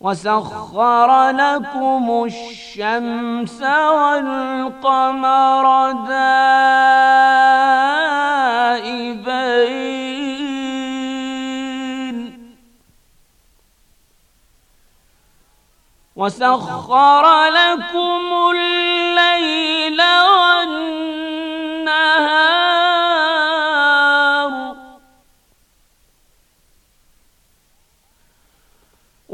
وسخر لكم الشمس والقمر دائبين وسخر لكم الليل والنهار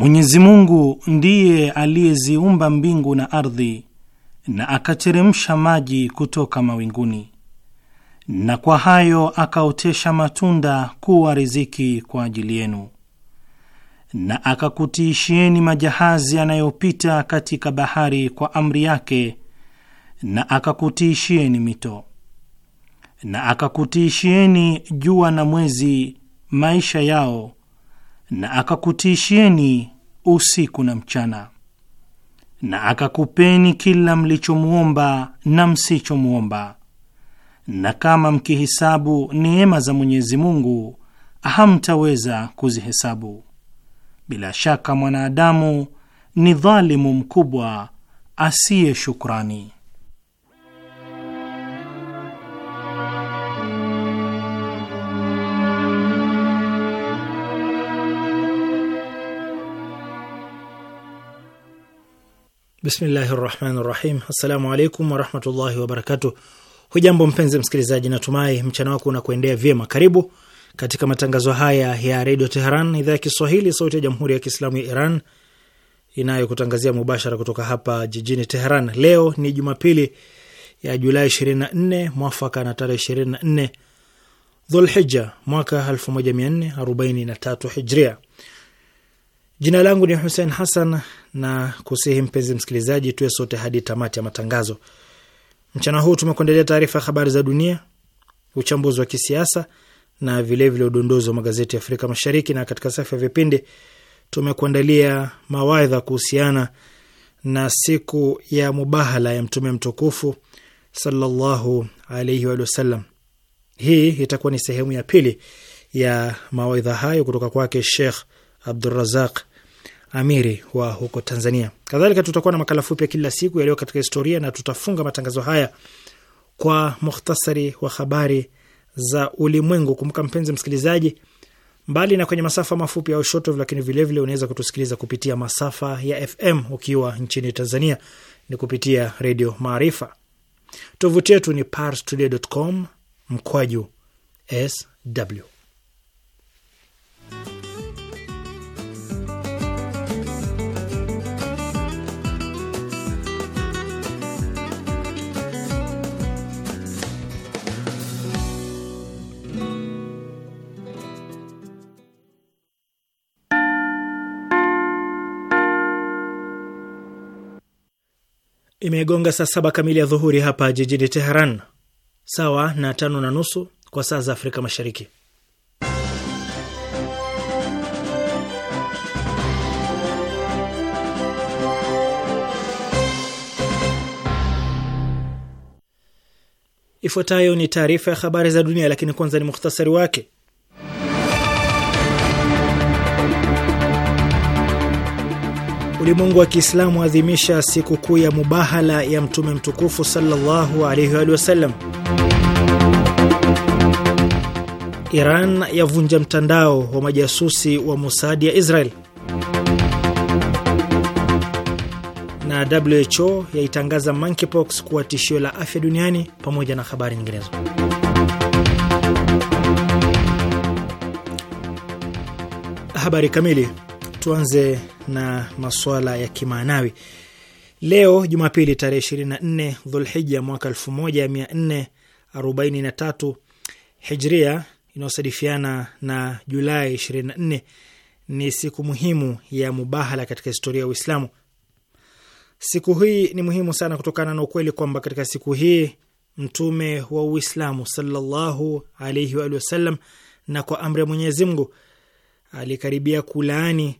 Mwenyezi Mungu ndiye aliyeziumba mbingu na ardhi na akateremsha maji kutoka mawinguni na kwa hayo akaotesha matunda kuwa riziki kwa ajili yenu na akakutiishieni majahazi yanayopita katika bahari kwa amri yake na akakutiishieni mito na akakutiishieni jua na mwezi maisha yao na akakutishieni usiku na mchana, na akakupeni kila mlichomwomba na msichomwomba, na kama mkihesabu neema za Mwenyezi Mungu hamtaweza kuzihesabu. Bila shaka mwanadamu ni dhalimu mkubwa asiye shukrani. Bismillahi rahmani rahim. Assalamu alaikum warahmatullahi wabarakatu. Hujambo mpenzi msikilizaji, natumai mchana wako unakuendea vyema. Karibu katika matangazo haya ya redio Teheran, idhaa ya Kiswahili, sauti ya jamhuri ya kiislamu ya Iran inayokutangazia mubashara kutoka hapa jijini Teheran. Leo ni Jumapili ya Julai 24 mwafaka na tarehe 24 Dhulhija mwaka 1443 Hijria. Jina langu ni Hussein Hassan na kusihi mpenzi msikilizaji, tuwe sote hadi tamati ya matangazo. Mchana huu tumekuendelea taarifa ya habari za dunia, uchambuzi wa kisiasa na vilevile udondozi wa magazeti ya Afrika Mashariki, na katika safu ya vipindi tumekuandalia mawaidha kuhusiana na siku ya mubahala ya Mtume mtukufu sallallahu alaihi wa sallam. Hii itakuwa ni sehemu ya pili ya mawaidha hayo kutoka kwake Sheikh Abdurazaq amiri wa huko Tanzania. Kadhalika tutakuwa na makala fupi ya kila siku yaliyo katika historia, na tutafunga matangazo haya kwa muhtasari wa habari za ulimwengu. Kumbuka mpenzi msikilizaji, mbali na kwenye masafa mafupi au shortwave, lakini vilevile unaweza kutusikiliza kupitia masafa ya FM ukiwa nchini Tanzania ni kupitia Redio Maarifa. Tovuti yetu ni parstoday.com mkwaju sw Imegonga saa saba kamili ya dhuhuri hapa jijini Teheran, sawa na tano na nusu kwa saa za Afrika Mashariki. Ifuatayo ni taarifa ya habari za dunia, lakini kwanza ni muhtasari wake. Ulimwengu wa Kiislamu adhimisha sikukuu ya mubahala ya Mtume mtukufu sallallahu alaihi wa sallam. Iran yavunja mtandao wa majasusi wa Mossad ya Israel, na WHO yaitangaza monkeypox kuwa tishio la afya duniani, pamoja na habari nyinginezo. Habari kamili tuanze na masuala ya kimaanawi leo Jumapili tarehe nne Dhulhija mwaka tatu Hijria, inayosadifiana na Julai nne ni siku muhimu ya mubahala katika historia ya Uislamu. Siku hii ni muhimu sana kutokana na ukweli kwamba katika siku hii Mtume wa Uislamu sallallahu alaihi waalihi wasallam na kwa amri ya Mwenyezi Mungu alikaribia kulaani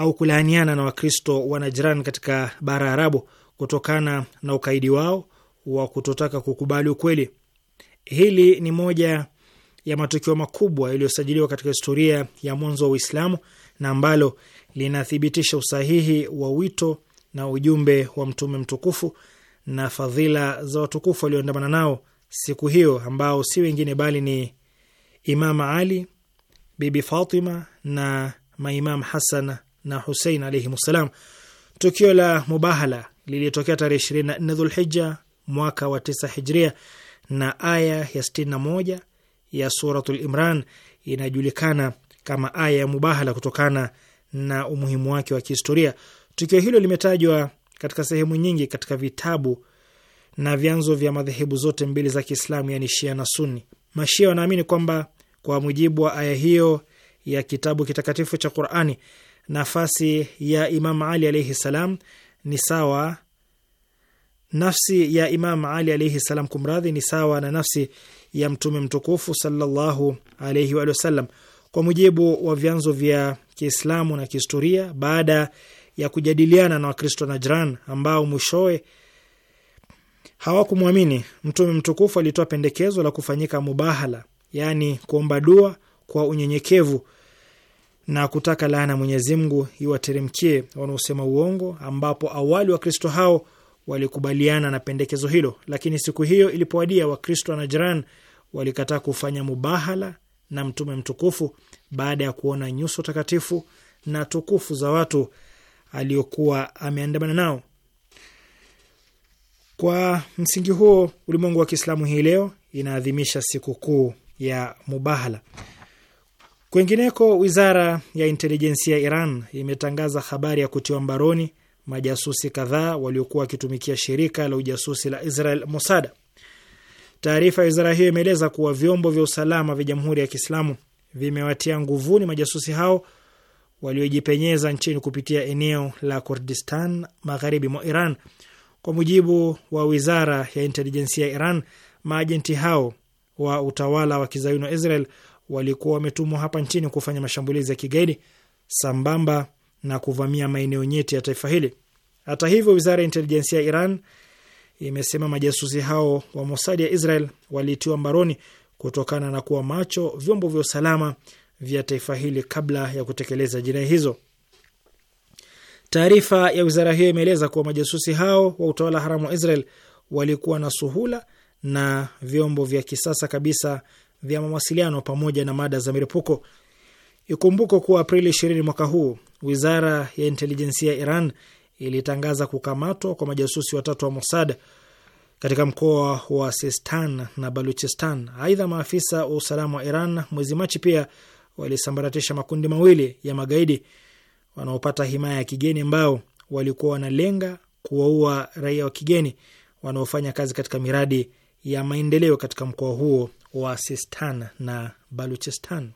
au kulaaniana na Wakristo wa Najran katika bara Arabu kutokana na ukaidi wao wa kutotaka kukubali ukweli. Hili ni moja ya matukio makubwa yaliyosajiliwa katika historia ya mwanzo wa Uislamu na ambalo linathibitisha usahihi wa wito na ujumbe wa Mtume mtukufu na fadhila za watukufu walioandamana nao siku hiyo, ambao si wengine bali ni Imam Ali, Bibi Fatima na maimam Hasan na Husein alaihim ssalam. Tukio la mubahala lilitokea tarehe 24 Dhulhija mwaka wa 9 Hijria, na aya ya na moja ya Suratul Imran inajulikana kama aya ya mubahala kutokana na umuhimu wake wa kihistoria. Tukio hilo limetajwa katika sehemu nyingi katika vitabu na vyanzo vya madhehebu zote mbili za Kiislamu, yani Shia na Sunni. Mashia wanaamini kwamba kwa mujibu wa aya hiyo ya kitabu kitakatifu cha Qurani, nafasi ya Imam Ali alaihi salam ni sawa nafsi ya Imam Ali alaihi salam, kumradhi, ni sawa na nafsi ya Mtume mtukufu sallallahu alaihi wa sallam. Kwa mujibu wa vyanzo vya Kiislamu na kihistoria, baada ya kujadiliana na Wakristo Najran ambao mwishowe hawakumwamini Mtume mtukufu, alitoa pendekezo la kufanyika mubahala, yaani kuomba dua kwa unyenyekevu na kutaka laana Mwenyezi Mungu iwateremkie wanaosema uongo, ambapo awali Wakristo hao walikubaliana na pendekezo hilo, lakini siku hiyo ilipowadia, Wakristo wa Najran walikataa kufanya mubahala na Mtume mtukufu baada ya kuona nyuso takatifu na tukufu za watu aliokuwa ameandamana nao. Kwa msingi huo, ulimwengu wa Kiislamu hii leo inaadhimisha sikukuu ya mubahala. Kwingineko, wizara ya intelijensia ya Iran imetangaza habari ya kutiwa mbaroni majasusi kadhaa waliokuwa wakitumikia shirika la ujasusi la Israel, Mossad. Taarifa ya wizara hiyo imeeleza kuwa vyombo vya usalama vya Jamhuri ya Kiislamu vimewatia nguvuni majasusi hao waliojipenyeza nchini kupitia eneo la Kurdistan, magharibi mwa Iran. Kwa mujibu wa wizara ya intelijensia ya Iran, maajenti hao wa utawala wa kizayuni wa Israel walikuwa wametumwa hapa nchini kufanya mashambulizi ya kigaidi sambamba na kuvamia maeneo nyeti ya taifa hili. Hata hivyo, wizara ya intelijensia ya Iran imesema majasusi hao wa Mosadi ya Israel walitiwa mbaroni kutokana na kuwa macho vyombo vya usalama vya taifa hili kabla ya kutekeleza jinai hizo. Taarifa ya wizara hiyo imeeleza kuwa majasusi hao wa utawala haramu wa Israel walikuwa na suhula na vyombo vya kisasa kabisa vya mawasiliano pamoja na mada za milipuko. Ikumbuko kuwa Aprili 20 mwaka huu wizara ya intelijensia ya Iran ilitangaza kukamatwa kwa majasusi watatu wa Mossad katika mkoa wa Sistan na Baluchistan. Aidha, maafisa wa usalama wa Iran mwezi Machi pia walisambaratisha makundi mawili ya magaidi wanaopata himaya ya kigeni ambao walikuwa wanalenga kuwaua raia wa kigeni wanaofanya kazi katika miradi ya maendeleo katika mkoa huo wa Sistan na Baluchistan.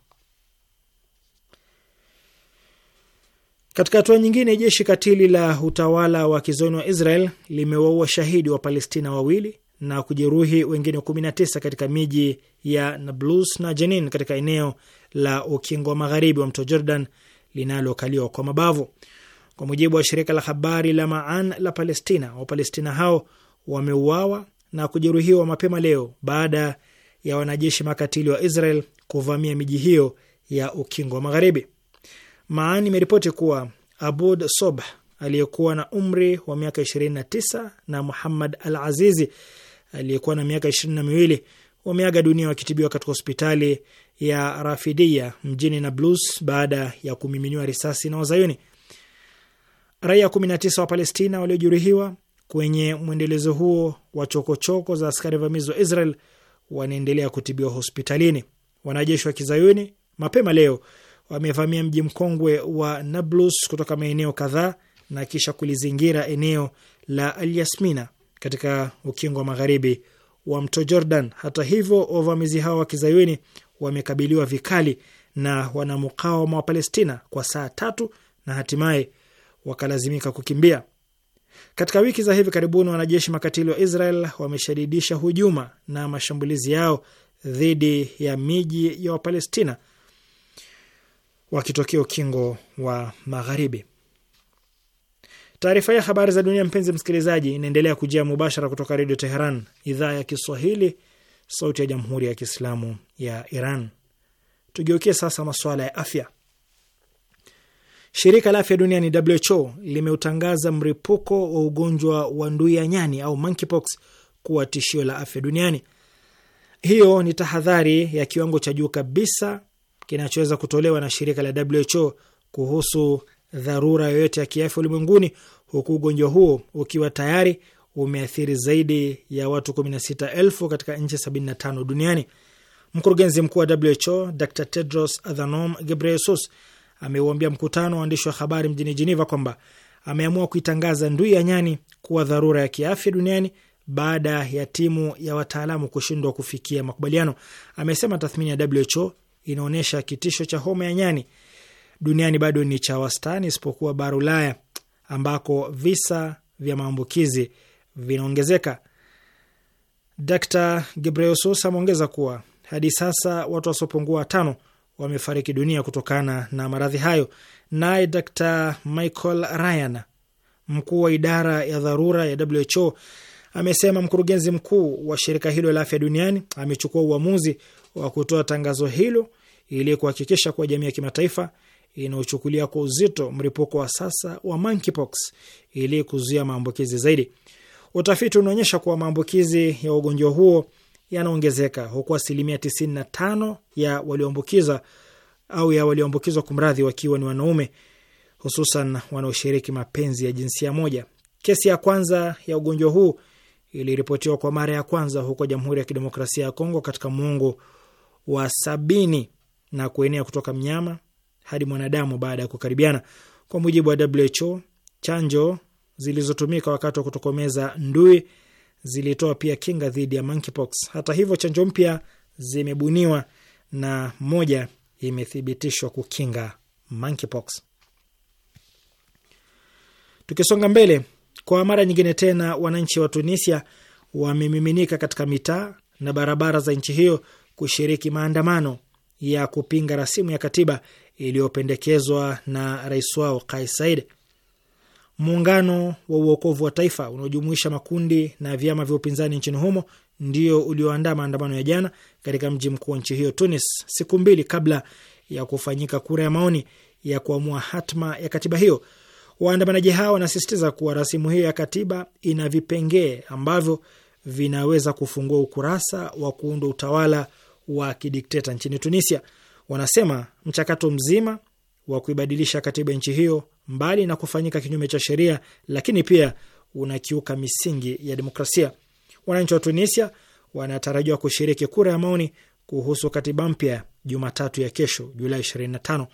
Katika hatua nyingine, jeshi katili la utawala wa kizoni wa Israel limewaua shahidi wa Palestina wawili na kujeruhi wengine 19 katika miji ya Nablus na Jenin katika eneo la ukingo wa magharibi wa mto Jordan linalokaliwa kwa mabavu. Kwa mujibu wa shirika la habari la Maan la Palestina, Wapalestina hao wameuawa na kujeruhiwa mapema leo baada ya wanajeshi makatili wa Israel kuvamia miji hiyo ya ukingo wa Magharibi. Maani imeripoti kuwa Abud Sobh aliyekuwa na umri wa miaka 29 na Muhammad Al Azizi aliyekuwa na miaka ishirini na miwili wameaga dunia wakitibiwa katika hospitali ya Rafidia mjini Nablus baada ya kumiminiwa risasi na Wazayuni. Raia kumi na tisa wa Palestina waliojeruhiwa kwenye mwendelezo huo wa chokochoko za askari vamizi wa Israel wanaendelea kutibiwa hospitalini. Wanajeshi wa kizayuni mapema leo wamevamia mji mkongwe wa Nablus kutoka maeneo kadhaa na kisha kulizingira eneo la Al Yasmina katika ukingo wa magharibi wa mto Jordan. Hata hivyo, wavamizi hao wa kizayuni wamekabiliwa vikali na wanamukawama wa Palestina kwa saa tatu na hatimaye wakalazimika kukimbia. Katika wiki za hivi karibuni, wanajeshi makatili wa Israel wameshadidisha hujuma na mashambulizi yao dhidi ya miji ya Wapalestina wakitokea ukingo wa Magharibi. Taarifa ya habari za dunia, mpenzi msikilizaji, inaendelea kujia mubashara kutoka Redio Teheran, idhaa ya Kiswahili, sauti ya Jamhuri ya Kiislamu ya Iran. Tugeukie sasa masuala ya afya. Shirika la afya duniani WHO limeutangaza mripuko wa ugonjwa wa ndui ya nyani au monkeypox kuwa tishio la afya duniani. Hiyo ni tahadhari ya kiwango cha juu kabisa kinachoweza kutolewa na shirika la WHO kuhusu dharura yoyote ya kiafya ulimwenguni, huku ugonjwa huo ukiwa tayari umeathiri zaidi ya watu 16,000 katika nchi 75 duniani. Mkurugenzi mkuu wa WHO Dr Tedros Adhanom Ghebreyesus ameuambia mkutano wa waandishi wa habari mjini Jeneva kwamba ameamua kuitangaza ndui ya nyani kuwa dharura ya kiafya duniani baada ya timu ya wataalamu kushindwa kufikia makubaliano. Amesema tathmini ya WHO inaonyesha kitisho cha homa ya nyani duniani bado ni cha wastani, isipokuwa bara Ulaya ambako visa vya maambukizi vinaongezeka. Dr Gebreyesus ameongeza kuwa hadi sasa watu wasiopungua watano wamefariki dunia kutokana na maradhi hayo. Naye Dr Michael Ryan, mkuu wa idara ya dharura ya WHO, amesema mkurugenzi mkuu wa shirika hilo la afya duniani amechukua uamuzi wa kutoa tangazo hilo ili kuhakikisha kuwa jamii ya kimataifa inaochukulia kwa uzito mlipuko wa sasa wa monkeypox ili kuzuia maambukizi zaidi. Utafiti unaonyesha kuwa maambukizi ya ugonjwa huo yanaongezeka huku asilimia 95 ya walioambukiza au ya walioambukizwa kumradhi wakiwa ni wanaume, hususan wanaoshiriki mapenzi ya jinsia moja. Kesi ya kwanza ya ugonjwa huu iliripotiwa kwa mara ya kwanza huko Jamhuri ya Kidemokrasia ya Kongo katika muongo wa sabini na kuenea kutoka mnyama hadi mwanadamu baada ya kukaribiana. Kwa mujibu wa WHO, chanjo zilizotumika wakati wa kutokomeza ndui zilitoa pia kinga dhidi ya monkeypox. Hata hivyo, chanjo mpya zimebuniwa na moja imethibitishwa kukinga monkeypox. Tukisonga mbele, kwa mara nyingine tena, wananchi wa Tunisia wamemiminika katika mitaa na barabara za nchi hiyo kushiriki maandamano ya kupinga rasimu ya katiba iliyopendekezwa na rais wao Kais Saied. Muungano wa Uokovu wa Taifa unaojumuisha makundi na vyama vya upinzani nchini humo ndio ulioandaa maandamano ya jana katika mji mkuu wa nchi hiyo Tunis, siku mbili kabla ya kufanyika kura ya maoni ya kuamua hatma ya katiba hiyo. Waandamanaji hao wanasisitiza kuwa rasimu hiyo ya katiba ina vipengee ambavyo vinaweza kufungua ukurasa wa kuundwa utawala wa kidikteta nchini Tunisia. Wanasema mchakato mzima wa kuibadilisha katiba nchi hiyo mbali na kufanyika kinyume cha sheria, lakini pia unakiuka misingi ya demokrasia. Wananchi wa Tunisia wanatarajiwa kushiriki kura ya maoni kuhusu katiba mpya Jumatatu ya kesho, Julai 25.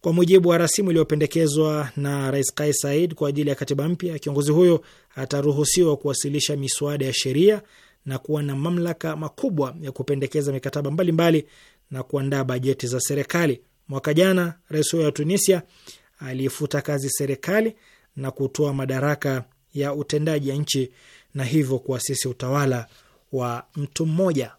Kwa mujibu wa rasimu iliyopendekezwa na Rais Kais Saied kwa ajili ya katiba mpya, kiongozi huyo ataruhusiwa kuwasilisha miswada ya sheria na kuwa na mamlaka makubwa ya kupendekeza mikataba mbalimbali mbali na kuandaa bajeti za serikali. Mwaka jana rais huyo wa Tunisia aliyefuta kazi serikali na kutoa madaraka ya utendaji ya nchi na hivyo kuasisi utawala wa mtu mmoja.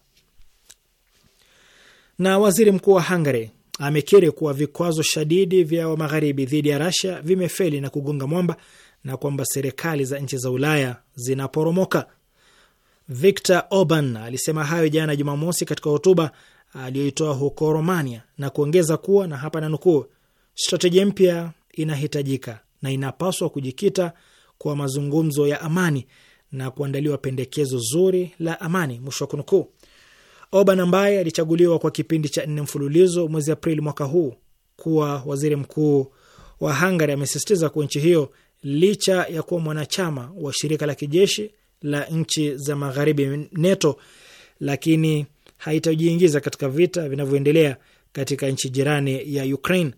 Na waziri mkuu wa Hungary amekiri kuwa vikwazo shadidi vya wa magharibi dhidi ya Russia vimefeli na kugonga mwamba na kwamba serikali za nchi za Ulaya zinaporomoka. Viktor Orban alisema hayo jana Jumamosi katika hotuba aliyoitoa huko Romania na kuongeza kuwa na hapa nanukuu, Strategia mpya inahitajika na inapaswa kujikita kwa mazungumzo ya amani na kuandaliwa pendekezo zuri la amani, mwisho wa kunukuu. Oban ambaye alichaguliwa kwa kipindi cha nne mfululizo mwezi Aprili mwaka huu kuwa waziri mkuu wa Hungary amesisitiza kuwa nchi hiyo licha ya kuwa mwanachama wa shirika la kijeshi la nchi za magharibi NATO, lakini haitajiingiza katika vita vinavyoendelea katika nchi jirani ya Ukraine.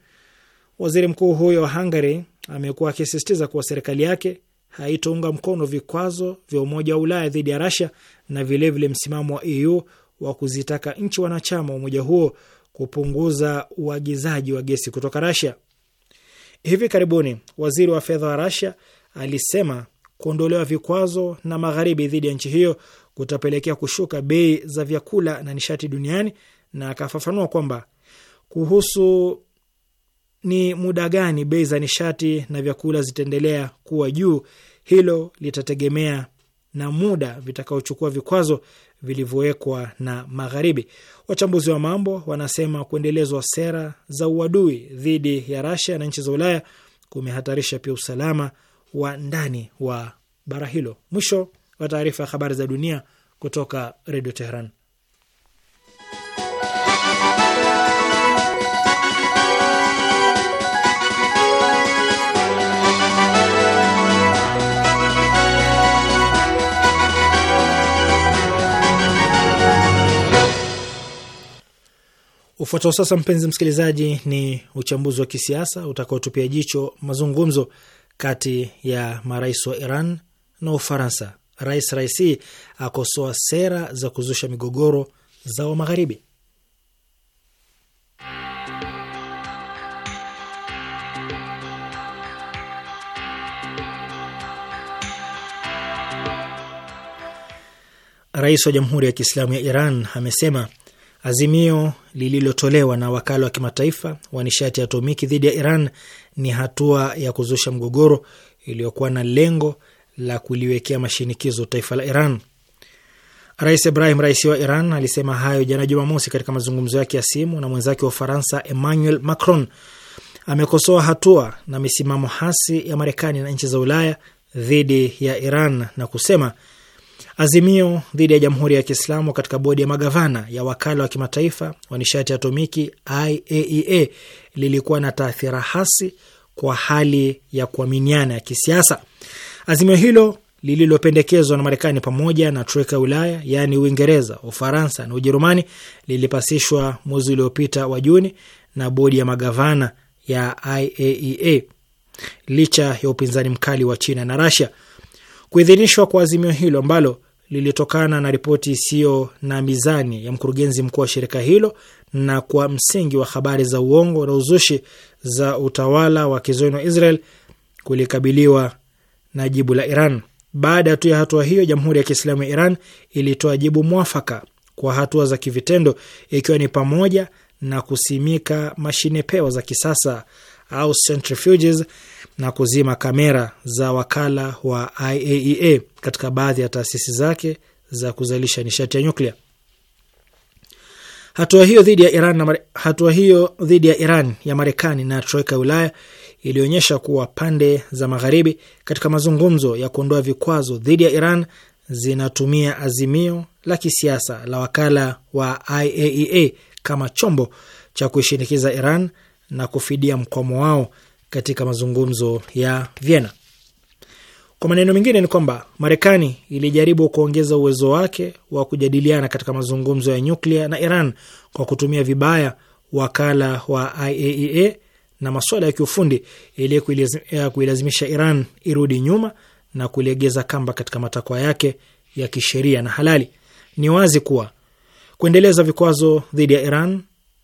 Waziri mkuu huyo wa Hungary amekuwa akisisitiza kuwa serikali yake haitounga mkono vikwazo vya Umoja wa Ulaya dhidi ya rasia na vilevile msimamo wa EU wa kuzitaka nchi wanachama wa umoja huo kupunguza uagizaji wa gesi kutoka rasia Hivi karibuni waziri wa fedha wa rasia alisema kuondolewa vikwazo na magharibi dhidi ya nchi hiyo kutapelekea kushuka bei za vyakula na nishati duniani, na akafafanua kwamba kuhusu ni muda gani bei za nishati na vyakula zitaendelea kuwa juu, hilo litategemea na muda vitakaochukua vikwazo vilivyowekwa na Magharibi. Wachambuzi wa mambo wanasema kuendelezwa sera za uadui dhidi ya Russia na nchi za Ulaya kumehatarisha pia usalama wa ndani wa bara hilo. Mwisho wa taarifa ya habari za dunia kutoka Redio Teheran. Ufuatao sasa, mpenzi msikilizaji, ni uchambuzi wa kisiasa utakaotupia jicho mazungumzo kati ya marais wa Iran na Ufaransa. Rais Raisi akosoa sera za kuzusha migogoro za wa Magharibi. Rais wa Jamhuri ya Kiislamu ya Iran amesema Azimio lililotolewa na wakala wa kimataifa wa nishati ya atomiki dhidi ya Iran ni hatua ya kuzusha mgogoro iliyokuwa na lengo la kuliwekea mashinikizo taifa la Iran. Rais Ibrahim Raisi wa Iran alisema hayo jana Jumamosi katika mazungumzo yake ya simu na mwenzake wa Ufaransa Emmanuel Macron. Amekosoa hatua na misimamo hasi ya Marekani na nchi za Ulaya dhidi ya Iran na kusema Azimio dhidi ya Jamhuri ya Kiislamu katika bodi ya magavana ya wakala wa kimataifa wa nishati ya atomiki IAEA e lilikuwa na taathira hasi kwa hali ya kuaminiana ya kisiasa. Azimio hilo lililopendekezwa na Marekani pamoja na troika ya Ulaya, yaani Uingereza, Ufaransa na Ujerumani, lilipasishwa mwezi uliopita wa Juni na bodi ya magavana ya IAEA e licha ya upinzani mkali wa China na Rasia. Kuidhinishwa kwa azimio hilo ambalo lilitokana na ripoti isiyo na mizani ya mkurugenzi mkuu wa shirika hilo na kwa msingi wa habari za uongo na uzushi za utawala wa kizoni wa Israel kulikabiliwa na jibu la Iran. Baada tu ya hatua hiyo, Jamhuri ya Kiislamu ya Iran ilitoa jibu mwafaka kwa hatua za kivitendo, ikiwa ni pamoja na kusimika mashine pewa za kisasa au centrifuges na kuzima kamera za wakala wa IAEA. E katika baadhi ya taasisi zake za kuzalisha nishati ya nyuklia. Hatua hiyo dhidi ya Iran na hatua hiyo dhidi ya Iran ya Marekani na troika ya Ulaya ilionyesha kuwa pande za magharibi katika mazungumzo ya kuondoa vikwazo dhidi ya Iran zinatumia azimio la kisiasa la wakala wa IAEA e kama chombo cha kuishinikiza Iran na kufidia mkwamo wao katika mazungumzo ya Vienna. Kwa maneno mengine ni kwamba Marekani ilijaribu kuongeza uwezo wake wa kujadiliana katika mazungumzo ya nyuklia na Iran kwa kutumia vibaya wakala wa IAEA e na masuala ya kiufundi ili kuilazimisha Iran irudi nyuma na kulegeza kamba katika matakwa yake ya kisheria na halali. Ni wazi kuwa kuendeleza vikwazo dhidi ya Iran,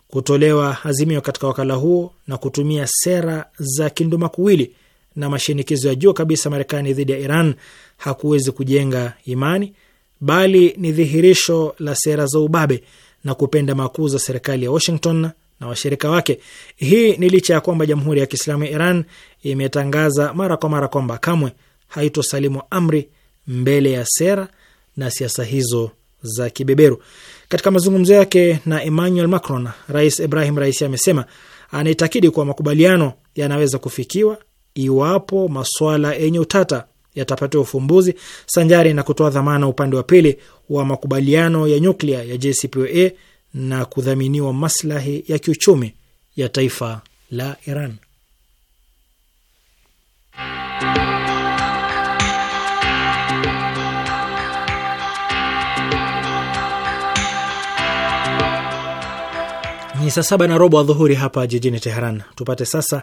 kutolewa azimio katika wakala huo na kutumia sera za kindumakuwili na mashinikizo ya juu kabisa Marekani dhidi ya Iran hakuwezi kujenga imani, bali ni dhihirisho la sera za ubabe na kupenda makuu za serikali ya Washington na washirika wake. Hii ni licha ya kwamba Jamhuri ya Kiislamu ya Iran imetangaza mara kwa mara kwamba kamwe haitosalimu amri mbele ya sera na siasa hizo za kibeberu. Katika mazungumzo yake na Emmanuel Macron, Rais Ibrahim Raisi amesema anaitakidi kuwa makubaliano yanaweza kufikiwa iwapo masuala yenye utata yatapatiwa ufumbuzi sanjari na kutoa dhamana upande wa pili wa makubaliano ya nyuklia ya JCPOA na kudhaminiwa maslahi ya kiuchumi ya taifa la Iran. Ni saa saba na robo adhuhuri hapa jijini Teheran. Tupate sasa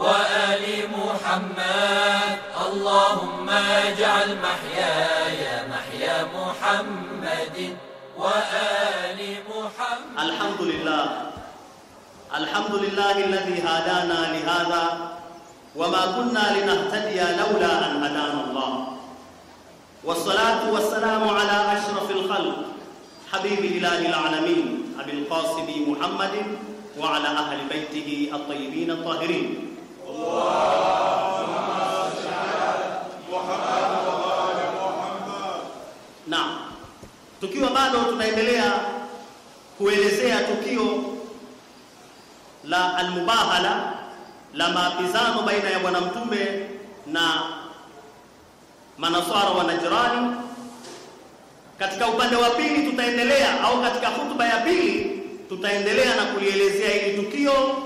وآل محمد اللهم اجعل محياي محيا محمد وآل محمد الحمد لله الحمد لله الذي هدانا لهذا وما كنا لنهتدي لولا أن هدانا الله والصلاة والسلام على أشرف الخلق حبيب إله العالمين أبي القاسم محمد وعلى أهل بيته الطيبين الطاهرين Naam, tukiwa bado tunaendelea kuelezea tukio la almubahala la maapizano baina ya Bwana Mtume na manaswara wa Najrani. Katika upande wa pili tutaendelea, au katika hutuba ya pili tutaendelea na kulielezea hili tukio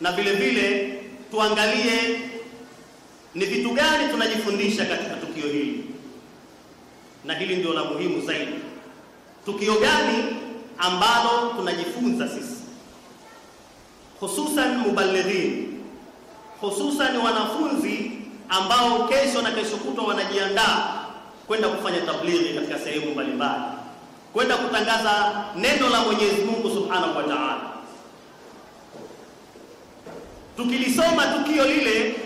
na vile vile tuangalie ni vitu gani tunajifundisha katika tukio hili, na hili ndio la muhimu zaidi. Tukio gani ambalo tunajifunza sisi, hususan mubalighin, hususan wanafunzi ambao kesho na kesho kutwa wanajiandaa kwenda kufanya tablighi katika sehemu mbalimbali, kwenda kutangaza neno la Mwenyezi Mungu Subhanahu wa Ta'ala Tukilisoma tukio lile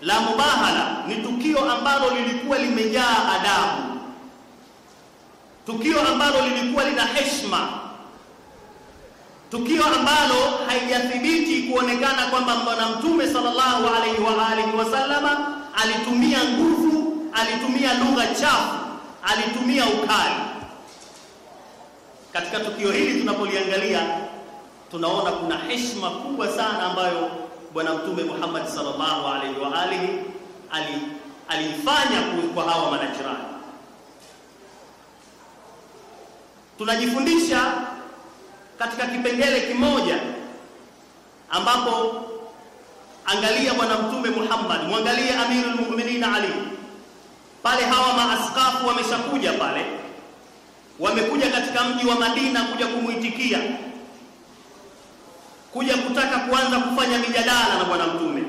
la mubahala, ni tukio ambalo lilikuwa limejaa adabu, tukio ambalo lilikuwa lina heshima, tukio ambalo haijathibiti kuonekana kwamba Bwana Mtume sallallahu alaihi wa alihi wasallama alitumia nguvu, alitumia lugha chafu, alitumia ukali. Katika tukio hili tunapoliangalia tunaona kuna heshima kubwa sana ambayo Bwana Mtume Muhammad sallallahu alaihi wa alihi aliifanya ali kwa hawa manajirani. Tunajifundisha katika kipengele kimoja ambapo angalia Bwana Mtume Muhammad, mwangalie Amirul Mu'minin Ali pale, hawa maaskafu wameshakuja pale, wamekuja katika mji wa Madina kuja kumuitikia kuja kutaka kuanza kufanya mijadala na bwana mtume.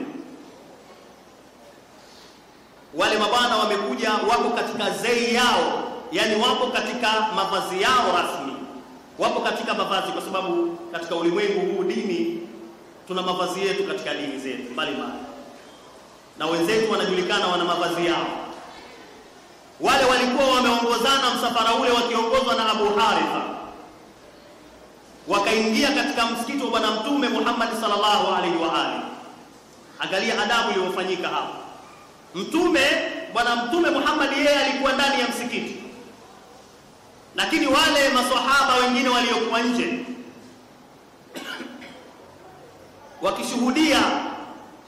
Wale mabwana wamekuja, wako katika zei yao, yani wapo katika mavazi yao rasmi, wapo katika mavazi, kwa sababu katika ulimwengu huu dini, tuna mavazi yetu katika dini zetu mbalimbali, na wenzetu wanajulikana, wana mavazi yao wale walikuwa wameongozana msafara ule wakiongozwa na Abu harifa wakaingia katika msikiti wa Bwana Mtume Muhammad sallallahu alaihi wa alihi. Angalia adabu iliyofanyika hapa. Mtume Bwana Mtume Muhammad yeye alikuwa ndani ya msikiti, lakini wale maswahaba wengine waliokuwa nje wakishuhudia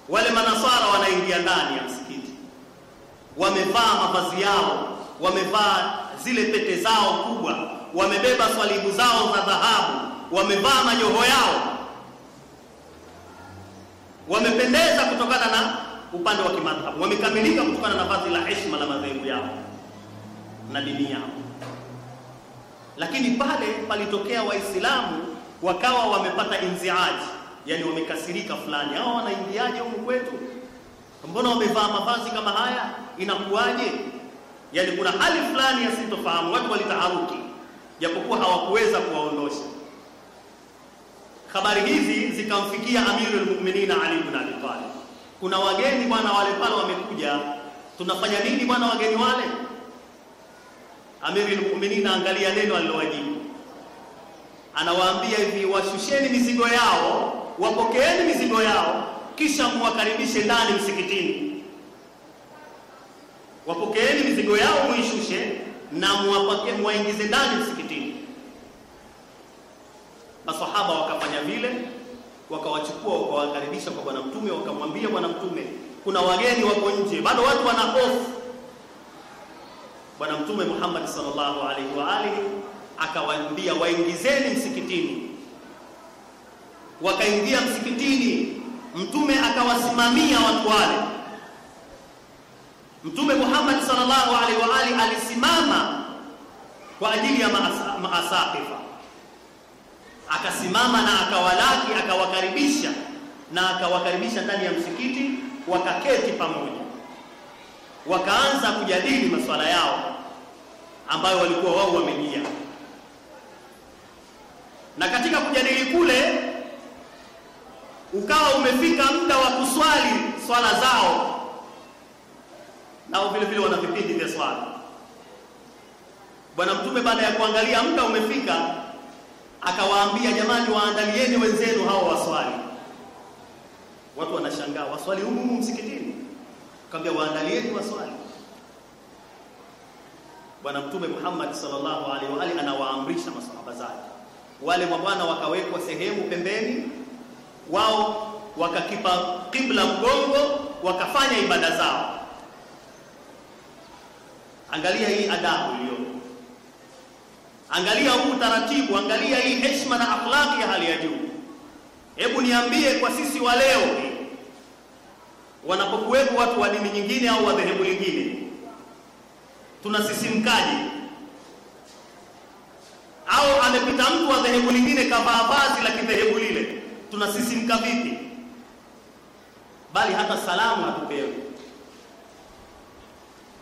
wale manasara wanaingia ndani ya msikiti, wamevaa mavazi yao, wamevaa zile pete zao kubwa, wamebeba swalibu zao za dhahabu wamevaa majoho yao, wamependeza kutokana na upande wa kimadhhabu wamekamilika kutokana na vazi la heshima la madhehebu yao na dini yao. Lakini pale palitokea Waislamu wakawa wamepata inziaji, yani wamekasirika fulani, hawa wanaingiaje huku kwetu? Mbona wamevaa mavazi kama haya? Inakuwaje? Yani kuna hali fulani yasitofahamu, watu walitaharuki, japokuwa hawakuweza kuwaondosha Habari hizi zikamfikia amiru Mu'minin Ali ibn Abi Talib. Kuna wageni bwana wale pale wamekuja, tunafanya nini bwana wageni wale? Amirul Mu'minin angalia neno alilowajibu, anawaambia hivi, washusheni mizigo yao, wapokeeni mizigo yao, kisha muwakaribishe ndani msikitini. Wapokeeni mizigo yao muishushe na muwaingize ndani msikitini. Masahaba wakafanya vile, wakawachukua wakawakaribisha kwa bwana mtume, wakamwambia bwana mtume, kuna wageni wako nje, bado watu wana hofu. Bwana Mtume Muhammad sallallahu alaihi wa alihi akawaambia waingizeni msikitini. Wakaingia msikitini, Mtume akawasimamia watu wale. Mtume Muhammad sallallahu alaihi wa alihi alisimama kwa ajili ya maasakifa akasimama na akawalaki akawakaribisha na akawakaribisha ndani ya msikiti wakaketi pamoja wakaanza kujadili masuala yao ambayo walikuwa wao wamejia na katika kujadili kule ukawa umefika muda wa kuswali swala zao nao vile vile wana vipindi vya swala bwana mtume baada ya kuangalia muda umefika akawaambia jamani, waandalieni wenzenu hao waswali. Watu wanashangaa, waswali humu humu msikitini? akawambia waandalieni waswali. Bwana Mtume Muhammad sallallahu alaihi wa alihi anawaamrisha masahaba zake, wale mabwana wakawekwa sehemu pembeni, wao wakakipa kibla mgongo, wakafanya ibada zao. Angalia hii adabu iliyo Angalia huu taratibu, angalia hii heshima na akhlaki ya hali ya juu. Hebu niambie kwa sisi wa leo, wanapokuwepo watu wa dini nyingine au wa dhehebu lingine, tunasisimkaje? Au amepita mtu wa dhehebu lingine kavaa vazi la kidhehebu lile, tunasisimka vipi? Bali hata salamu hatupewi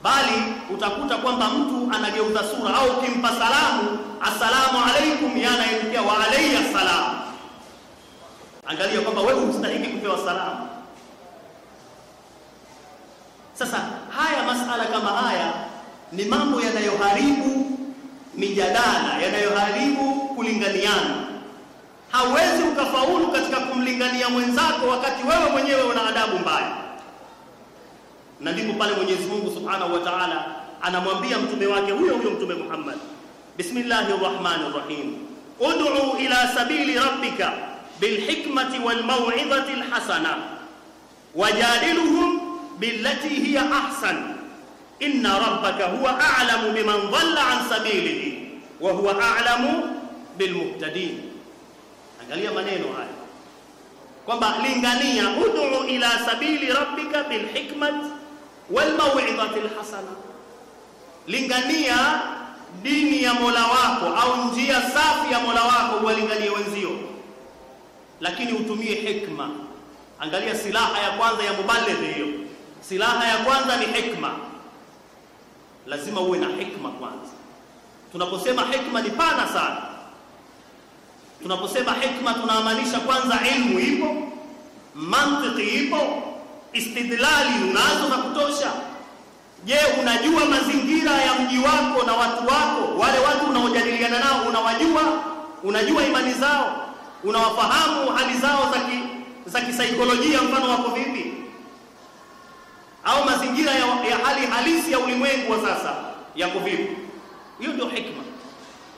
bali utakuta kwamba mtu anageuza sura, au ukimpa salamu assalamu alaikum, yanayekia yaani wa alayya salam. Angalia kwamba wewe unastahili kupewa salamu. Sasa haya masala kama haya ni mambo yanayoharibu mijadala, yanayoharibu kulinganiana. hawezi ukafaulu katika kumlingania mwenzako wakati wewe mwenyewe una adabu mbaya. na ndipo pale Mwenyezi Mungu Subhanahu wa Ta'ala anamwambia mtume wake huyo huyo mtume Muhammad Bismillahir Rahmanir Rahim ud'u ila sabili rabbika bilhikmati wal maw'izati alhasana wajadiluhum billati hiya ahsan inna rabbaka huwa a'lamu biman dhalla an sabilihi wa huwa a'lamu bilmuhtadin angalia maneno haya kwamba lingania ud'u ila sabili rabbika bilhikmati wal lhasana hasana, lingania dini ya Mola wako au njia safi ya Mola wako uwalinganie wenzio, lakini utumie hikma. Angalia silaha ya kwanza ya mubalighi hiyo, silaha ya kwanza ni hikma. Lazima uwe na hikma kwanza. Tunaposema hikma ni pana sana. Tunaposema hikma tunamaanisha kwanza ilmu ipo, mantiki ipo istidlali unazo za kutosha? Je, unajua mazingira ya mji wako na watu wako? Wale watu unaojadiliana nao unawajua? Unajua imani zao? Unawafahamu hali zao za ki, za kisaikolojia, mfano wako vipi? Au mazingira ya, ya hali halisi ya ulimwengu wa sasa yako vipi? Hiyo ndio hikma.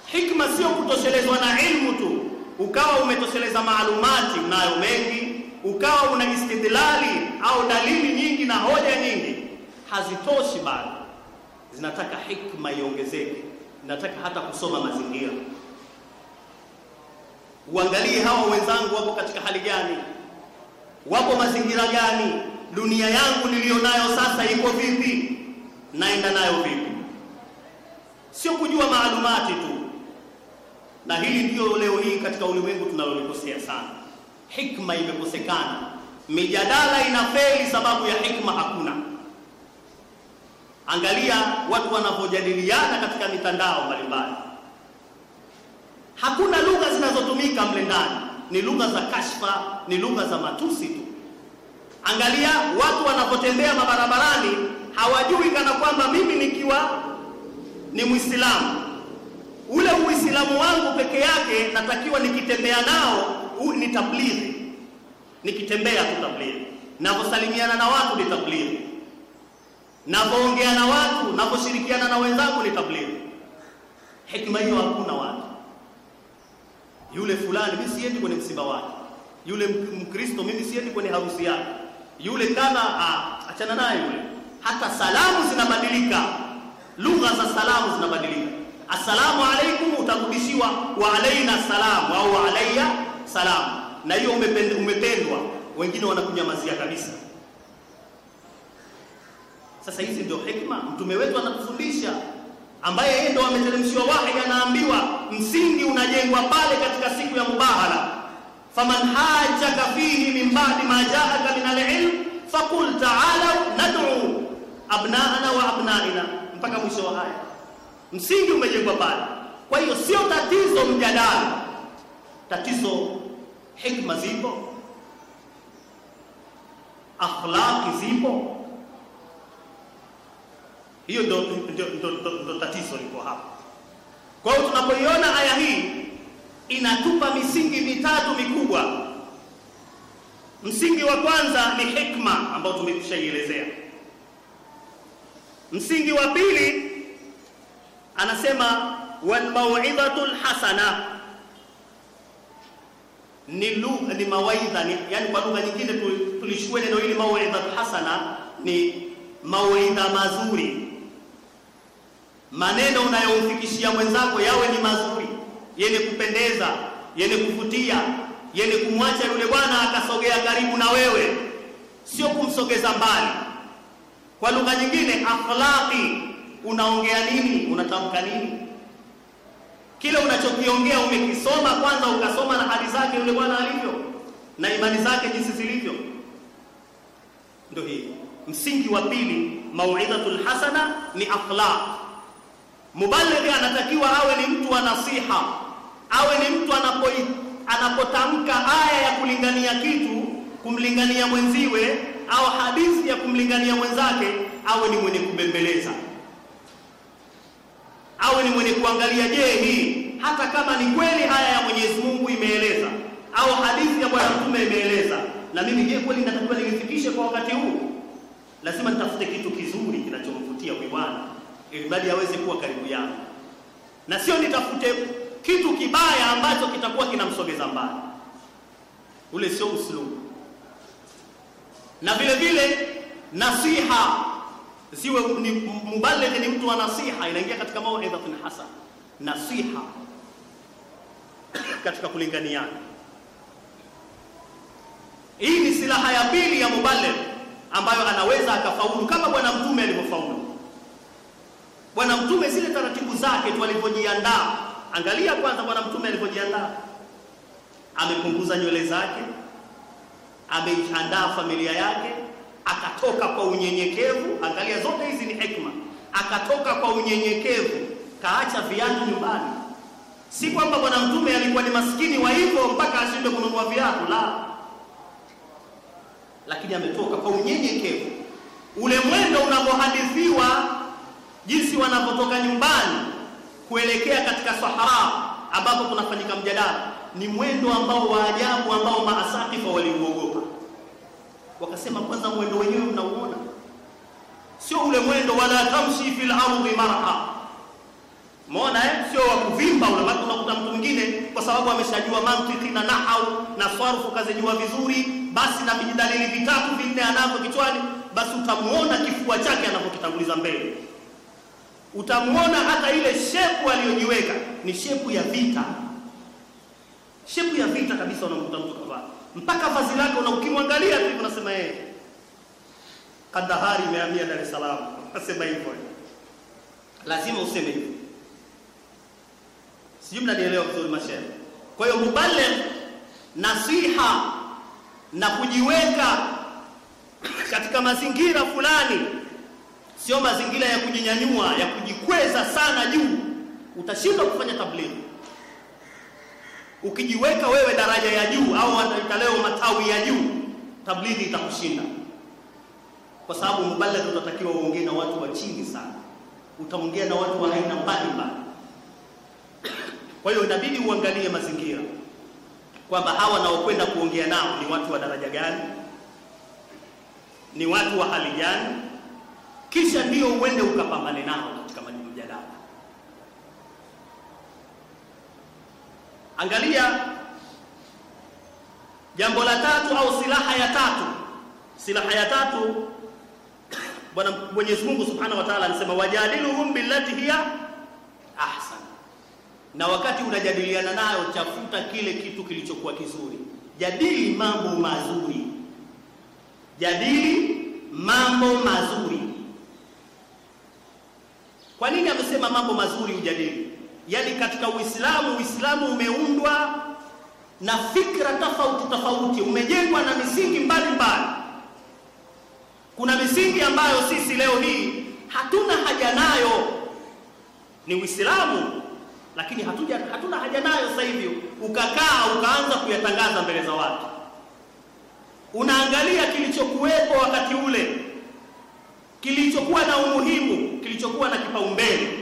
Hikma sio kutoshelezwa na ilmu tu, ukawa umetosheleza maalumati, unayo mengi ukawa una istidlali au dalili nyingi na hoja nyingi, hazitoshi bado, zinataka hikma iongezeke, zinataka hata kusoma mazingira, uangalie hawa wenzangu wako katika hali gani, wapo mazingira gani, dunia yangu niliyonayo sasa iko vipi, naenda nayo vipi? Sio kujua maalumati tu, na hili ndio leo hii katika ulimwengu tunalolikosea sana hikma imekosekana, mijadala inafeli sababu ya hikma hakuna. Angalia watu wanavyojadiliana katika mitandao mbalimbali, hakuna lugha zinazotumika mle ndani, ni lugha za kashfa, ni lugha za matusi tu. Angalia watu wanapotembea mabarabarani, hawajui kana kwamba mimi nikiwa ni Mwislamu, ule Uislamu wangu peke yake natakiwa nikitembea nao huu ni tablighi, nikitembea tu tablighi, navyosalimiana na watu ni tablighi, navyoongea na watu, navyoshirikiana na wenzangu ni tablighi. Hekima hiyo hakuna watu. Yule fulani, mimi siendi kwenye msiba wake. Yule Mkristo, mimi siendi kwenye harusi yake. Yule kadha, ah, achana naye yule. Hata salamu zinabadilika, lugha za salamu zinabadilika. Assalamu alaikum utarudishiwa wa alaina salam au alayya salamu, na hiyo umependwa, wengine wanakunyamazia kabisa. Sasa hizi ndio hikma mtume wetu anakufundisha ambaye yeye ndio ameteremshiwa wahi, anaambiwa msingi unajengwa pale katika siku ya mubahala, faman hajaka fihi min ba'di ma jaaka min al-ilm faqul ta'alau nad'u abnaana wa abnaina, mpaka mwisho wa haya. Msingi umejengwa pale. Kwa hiyo sio tatizo mjadala Tatizo hikma zipo, akhlaqi zipo. Hiyo ndo tatizo liko hapa. Kwa hiyo tunapoiona aya hii inatupa misingi mitatu mikubwa. Msingi wa kwanza ni hikma ambayo tumekushaielezea. Msingi wa pili anasema wal lhasana ni lugha ni mawaidha ni, yani kwa lugha nyingine tulishue neno hili mawaidha hasana ni mawaidha mazuri, maneno unayomfikishia mwenzako yawe ni mazuri, yenye kupendeza, yenye kuvutia, yenye kumwacha yule bwana akasogea karibu na wewe, sio kumsogeza mbali. Kwa lugha nyingine, akhlaqi, unaongea nini? Unatamka nini? Kile unachokiongea umekisoma kwanza, ukasoma na hali zake yule bwana alivyo na imani zake jinsi zilivyo. Ndio hii msingi wa pili, mauidhatul hasana ni akhlaq. Mubaligh anatakiwa awe ni mtu wa nasiha, awe ni mtu anapotamka aya ya kulingania kitu kumlingania mwenziwe au hadithi ya kumlingania mwenzake, awe ni mwenye kubembeleza awe ni mwenye kuangalia, je, hii hata kama ni kweli haya ya Mwenyezi Mungu imeeleza au hadithi ya Bwana Mtume imeeleza, na mimi je, kweli natakiwa nilifikishe kwa wakati huu? Lazima nitafute kitu kizuri kinachomvutia huyu bwana ili mradi aweze kuwa karibu yangu, na sio nitafute kitu kibaya ambacho kitakuwa kinamsogeza mbali. Ule sio uslubu. Na vile vile nasiha Siwe mubalighi, ni mtu wa nasiha, inaingia katika mauidhatin hasan nasiha katika kulinganiana. Hii ni silaha ya pili ya mubalighi ambayo anaweza akafaulu kama Bwana Mtume alivyofaulu. Bwana Mtume zile taratibu zake tu alivyojiandaa. Angalia kwanza Bwana Mtume alivyojiandaa, amepunguza nywele zake, ameiandaa familia yake akatoka kwa unyenyekevu. Angalia, zote hizi ni hikma. Akatoka kwa unyenyekevu, kaacha viatu nyumbani. Si kwamba Bwana Mtume alikuwa ni maskini wa hivyo mpaka ashinde kununua viatu, la, lakini ametoka kwa unyenyekevu. Ule mwendo unapohadithiwa jinsi wanapotoka nyumbani kuelekea katika sahara ambapo kunafanyika mjadala, ni mwendo ambao wa ajabu ambao maasakifa waliuogopa wakasema kwanza mwendo wenyewe mnauona sio ule mwendo wala tamshi fil ardi marha Umeona eh? Sio wa kuvimba ule, maana unakuta mtu mwingine kwa sababu ameshajua mantiki na nahau na sarfu kazijua vizuri, basi na vijidalili vitatu vinne anazo kichwani, basi utamuona kifua chake anapokitanguliza mbele, utamuona hata ile shepu aliyojiweka ni shepu ya vita, shepu ya vita kabisa, unamkuta mtu kavaa mpaka vazi lake na ukimwangalia tu unasema yeye eh, kadahari imehamia Dar es Salaam. Nasema hivyo, lazima useme hivyo, sijui mnanielewa vizuri mashehe. Kwa hiyo mubale nasiha na kujiweka katika mazingira fulani, sio mazingira ya kujinyanyua ya kujikweza sana juu, utashindwa kufanya tablighi. Ukijiweka wewe daraja ya juu au wanaita leo matawi ya juu, tablighi itakushinda, kwa sababu mubalagha unatakiwa uongee na watu wa chini sana, utaongea na watu wa aina mbalimbali. Kwa hiyo inabidi uangalie mazingira kwamba hawa naokwenda kuongea nao ni watu wa daraja gani, ni watu wa hali gani, kisha ndio uende ukapambane nao katika mjadala. angalia jambo la tatu au silaha ya tatu silaha ya tatu bwana Mwenyezi Mungu Subhanahu wa Ta'ala anasema wajadiluhum billati hiya ahsan na wakati unajadiliana nayo chafuta kile kitu kilichokuwa kizuri jadili mambo mazuri jadili mambo mazuri kwa nini amesema mambo mazuri ujadili yani katika Uislamu, Uislamu umeundwa na fikra tofauti tofauti, umejengwa na misingi mbalimbali. Kuna misingi ambayo sisi leo hii hatuna haja nayo, ni Uislamu, lakini hatuja, hatuna haja nayo sasa hivi, ukakaa ukaanza kuyatangaza mbele za watu. Unaangalia kilichokuwepo wakati ule, kilichokuwa na umuhimu, kilichokuwa na kipaumbele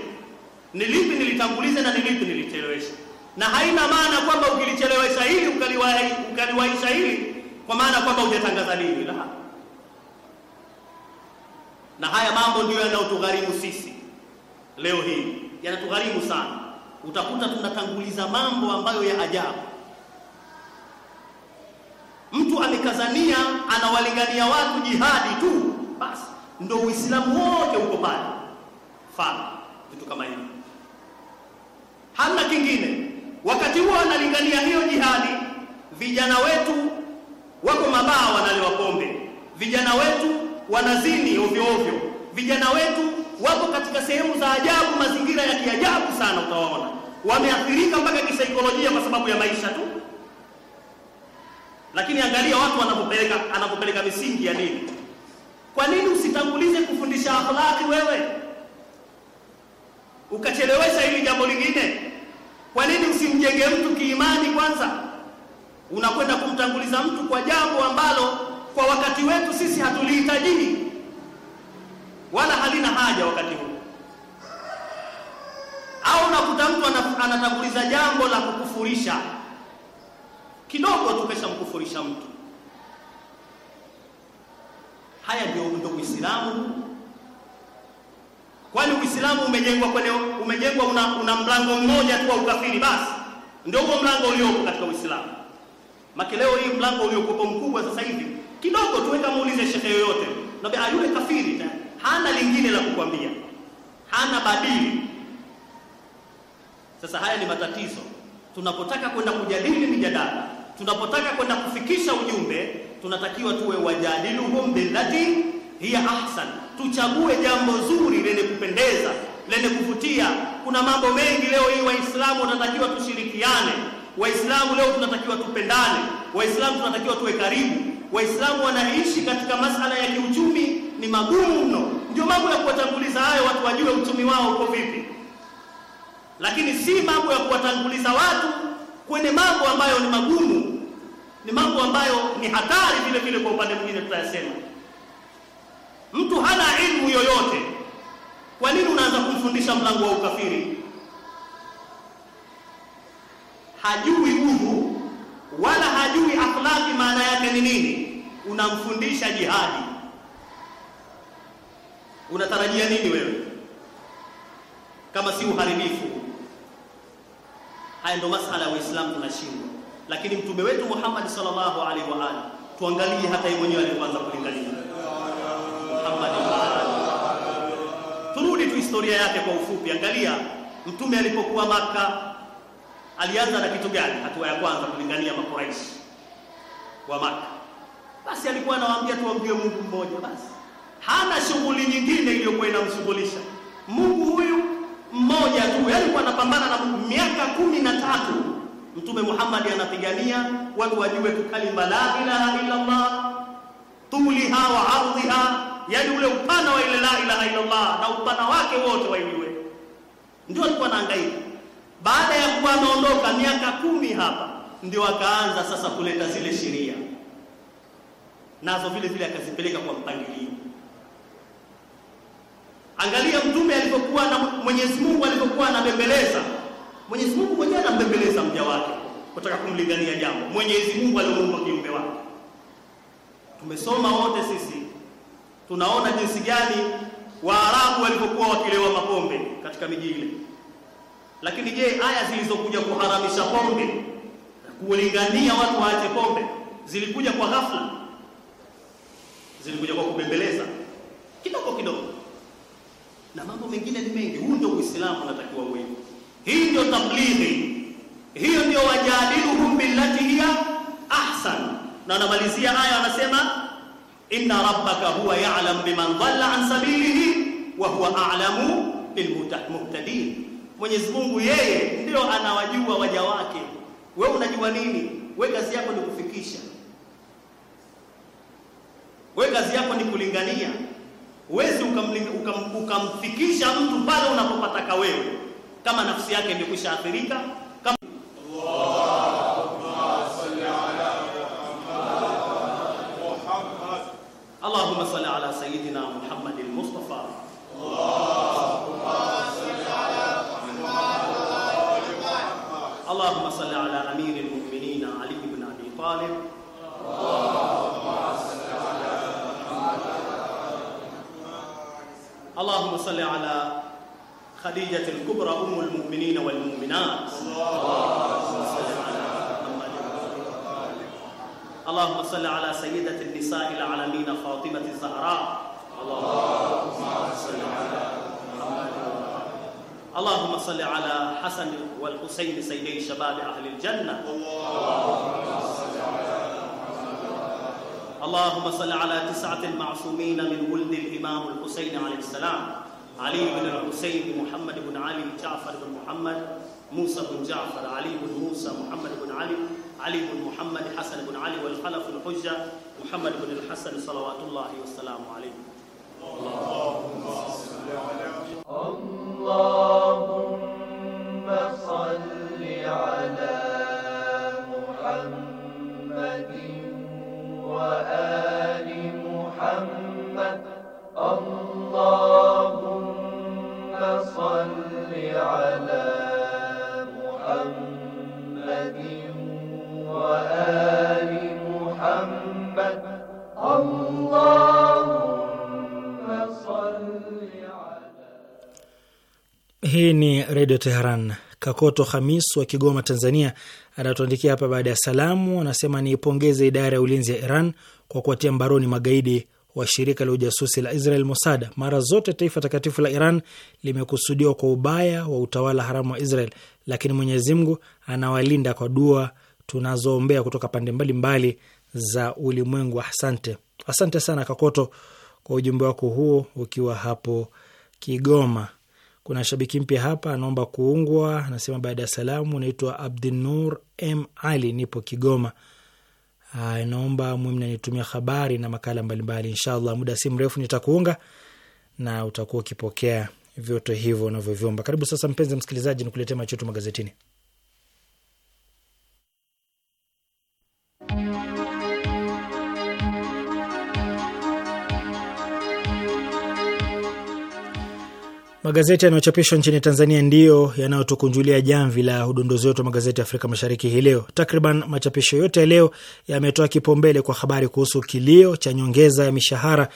ni lipi nilitanguliza na ni lipi nilichelewesha, na haina maana kwamba ukilichelewesha hili ukaliwaisha hili kwa maana kwamba hujatangaza dini, la. Na haya mambo ndiyo yanayotugharimu sisi leo hii, yanatugharimu sana. Utakuta tunatanguliza mambo ambayo ya ajabu. Mtu amekazania anawalingania watu jihadi tu, basi ndo Uislamu wote uko pale, fa vitu kama hivi hamna kingine. Wakati huo wanalingania hiyo jihadi, vijana wetu wako mabaa, wanalewa pombe, vijana wetu wanazini ovyo ovyo, vijana wetu wako katika sehemu za ajabu, mazingira ya kiajabu sana. utaona wameathirika mpaka kisaikolojia kwa sababu ya maisha tu, lakini angalia watu wanapopeleka anapopeleka misingi ya dini. Kwa nini usitangulize kufundisha akhlaki wewe ukachelewesha hili jambo lingine? Kwa nini usimjenge mtu kiimani kwanza? Unakwenda kumtanguliza mtu kwa jambo ambalo kwa wakati wetu sisi hatulihitajii wala halina haja wakati huu, au unakuta mtu anatanguliza jambo la kukufurisha kidogo tu, mtu. Haya ndio ndio Uislamu Kwani Uislamu umejengwa kwenye umejengwa una, una mlango mmoja tu wa ukafiri basi? Ndio huo mlango uliopo katika Uislamu. Makeleo hii mlango uliokuwa mkubwa sasa hivi kidogo tuenda muulize shekhe yoyote, naambia ah, yule kafiri ta, eh, hana lingine la kukwambia, hana badili. Sasa haya ni matatizo tunapotaka kwenda kujadili mijadala, tunapotaka kwenda kufikisha ujumbe, tunatakiwa tuwe wajadiluhum billati hiya ahsan tuchague jambo zuri lenye kupendeza, lenye kuvutia. Kuna mambo mengi leo hii Waislamu wanatakiwa tushirikiane. Waislamu leo tunatakiwa tupendane. Waislamu tunatakiwa tuwe karibu. Waislamu wanaishi katika masala ya kiuchumi ni magumu mno. Ndio mambo ya kuwatanguliza hayo watu wajue uchumi wao uko vipi, lakini si mambo ya kuwatanguliza watu kwenye mambo ambayo ni magumu, ni mambo ambayo ni hatari vile vile. Kwa upande mwingine tutayasema hana ilmu yoyote, kwa nini unaanza kumfundisha mlango wa ukafiri? Hajui udhu wala hajui akhlaqi, maana yake ni nini? Unamfundisha jihadi, unatarajia nini wewe kama si uharibifu? Haya ndio masala ya Uislamu tunashindwa. Lakini mtume wetu Muhammad sallallahu alaihi wa tuangalie hata yeye mwenyewe alipoanza kulingania historia yake kwa ufupi. Angalia mtume alipokuwa Maka alianza na kitu gani? Hatua ya kwanza kulingania makuraishi wa Maka, basi alikuwa anawaambia tuamjue Mungu mmoja basi. Hana shughuli nyingine iliyokuwa inamshughulisha Mungu huyu mmoja tu, yaani alikuwa anapambana na Mungu. Miaka kumi na tatu Mtume Muhammad anapigania watu wajue tu kalima la ilaha illa Allah tuliha wa ardhiha yani ule upana wa ile la ilaha illallah na upana wake wote waibiwe. Ndio alikuwa anahangaika. Baada ya kuwa ameondoka miaka kumi hapa, ndio akaanza sasa kuleta zile sheria nazo vile vile akazipeleka kwa mpangilio. Angalia mtume alipokuwa na Mwenyezi Mungu alipokuwa anabembeleza, Mwenyezi Mungu mwenyewe anambembeleza mja wake kutaka kumlingania jambo. Mwenyezi Mungu alimuumba kiumbe wake, tumesoma wote sisi tunaona jinsi gani Waarabu walivyokuwa wakilewa mapombe katika miji ile. Lakini je, aya zilizokuja kuharamisha pombe kulingania watu waache pombe zilikuja kwa ghafla? Zilikuja kwa kubembeleza kidogo kidogo, na mambo mengine ni mengi. Huu ndio Uislamu unatakiwa uwe, hii ndio tablighi, hiyo ndio wajadiluhum billati hiya ahsan. Na anamalizia aya anasema inna rabbaka huwa ya'lam biman dhalla an sabilihi wa huwa a'lamu bil muhtadin Mwenyezi Mungu yeye ndio anawajua waja wake wewe unajua nini wewe kazi yako ni kufikisha wewe kazi yako ni kulingania huwezi ukamfikisha uka, uka mtu pale unapopataka wewe kama nafsi yake imekwisha athirika اللهم صل على سيدنا محمد المصطفى اللهم صل على محمد اللهم صل على امير المؤمنين علي بن ابي طالب اللهم صل على خديجه الكبرى ام المؤمنين والمؤمنات اللهم صل على سيدة النساء العالمين فاطمة الزهراء اللهم صل على محمد اللهم صل على حسن والحسين سيدي شباب أهل الجنة اللهم صل على اللهم صل على تسعة المعصومين من ولد الإمام الحسين عليه السلام علي بن الحسين محمد بن علي جعفر بن محمد موسى بن جعفر علي بن موسى محمد بن علي علي بن محمد حسن بن علي والخلف الحجة محمد بن الحسن صلوات الله وسلامه عليه اللهم صل على محمد وآل محمد الله Hii ni Redio Teheran. Kakoto Hamis wa Kigoma, Tanzania, anatuandikia hapa baada ya salamu, anasema niipongeze idara ya ulinzi ya Iran kwa kuwatia mbaroni magaidi wa shirika la ujasusi la Israel Mosada. Mara zote taifa takatifu la Iran limekusudiwa kwa ubaya wa utawala haramu wa Israel, lakini Mwenyezi Mungu anawalinda kwa dua tunazoombea kutoka pande mbalimbali mbali za ulimwengu. Asante, asante sana Kakoto kwa ujumbe wako huo ukiwa hapo Kigoma. Kuna shabiki mpya hapa, anaomba kuungwa, anasema baada ya salamu, naitwa Abdinur M Ali, nipo Kigoma. Aa, naomba mwim nanitumia habari na makala mbalimbali. Inshallah muda si mrefu nitakuunga na utakuwa ukipokea vyote hivyo unavyovyomba Karibu sasa, mpenzi msikilizaji, nikuletee macho yetu magazetini. Magazeti yanayochapishwa nchini Tanzania ndiyo yanayotukunjulia jamvi la udondozi wetu wa magazeti ya Afrika Mashariki hii leo. Takriban machapisho yote ya leo yametoa kipaumbele kwa habari kuhusu kilio cha nyongeza ya mishahara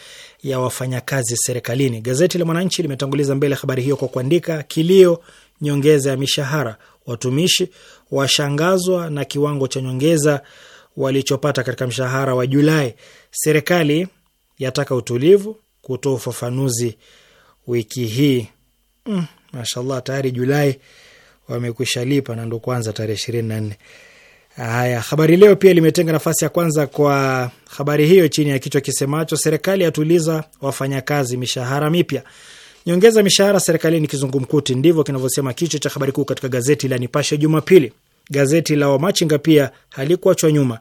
ya wafanyakazi serikalini. Gazeti la Mwananchi limetanguliza mbele habari hiyo kwa kuandika kilio, nyongeza ya mishahara, watumishi washangazwa na kiwango cha nyongeza walichopata katika mshahara wa Julai, serikali yataka utulivu, kutoa ufafanuzi wiki hii. Mm, mashallah tayari Julai wamekwisha lipa na ndo kwanza tarehe ishirini na nne. Haya, Habari Leo pia limetenga nafasi ya kwanza kwa habari hiyo chini ya kichwa kisemacho serikali yatuliza wafanyakazi mishahara mipya. Nyongeza mishahara serikalini kizungumkuti, ndivyo kinavyosema kichwa cha habari kuu katika gazeti la Nipashe Jumapili. Gazeti la Wamachinga pia halikuachwa nyuma,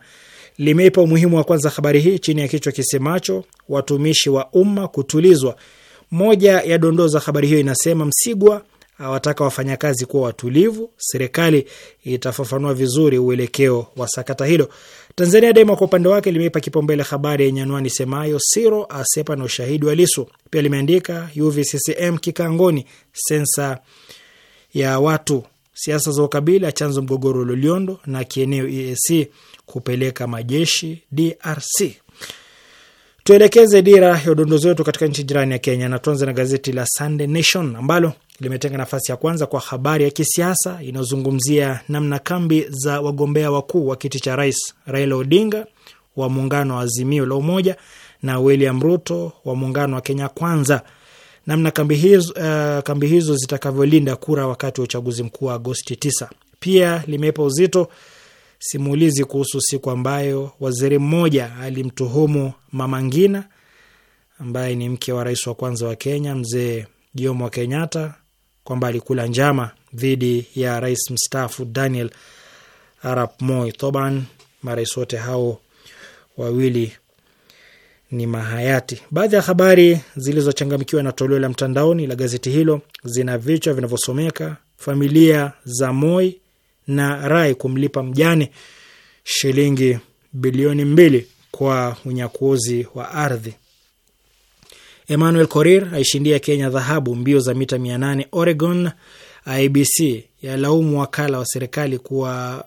limeipa umuhimu wa kwanza habari hii chini ya kichwa kisemacho watumishi wa umma kutulizwa moja ya dondoo za habari hiyo inasema Msigwa awataka wafanyakazi kuwa watulivu, serikali itafafanua vizuri uelekeo wa sakata hilo. Tanzania Daima kwa upande wake limeipa kipaumbele habari yenye anwani semayo Siro asepa na ushahidi wa Lisu. Pia limeandika UVCCM kikangoni, sensa ya watu, siasa za ukabila chanzo mgogoro Loliondo, na kieneo EAC kupeleka majeshi DRC. Tuelekeze dira ya udondozi wetu katika nchi jirani ya Kenya na tuanze na gazeti la Sunday Nation ambalo limetenga nafasi ya kwanza kwa habari ya kisiasa inayozungumzia namna kambi za wagombea wakuu wa kiti cha rais Raila Odinga wa muungano wa Azimio la Umoja na William Ruto wa muungano wa Kenya Kwanza, namna kambi hizo, uh, kambi hizo zitakavyolinda kura wakati wa uchaguzi mkuu wa Agosti 9. Pia limeipa uzito simulizi kuhusu siku ambayo waziri mmoja alimtuhumu Mama Ngina ambaye ni mke wa rais wa kwanza wa Kenya mzee Jomo Kenyatta kwamba alikula njama dhidi ya rais mstaafu Daniel Arap Moi. Toban, marais wote hao wawili ni mahayati. Baadhi ya habari zilizochangamkiwa na toleo la mtandaoni la gazeti hilo zina vichwa vinavyosomeka familia za Moi na Rai kumlipa mjane shilingi bilioni mbili kwa unyakuozi wa ardhi. Emmanuel Korir aishindia Kenya dhahabu mbio za mita nane Oregon. IBC yalaumu wakala wa serikali kuwa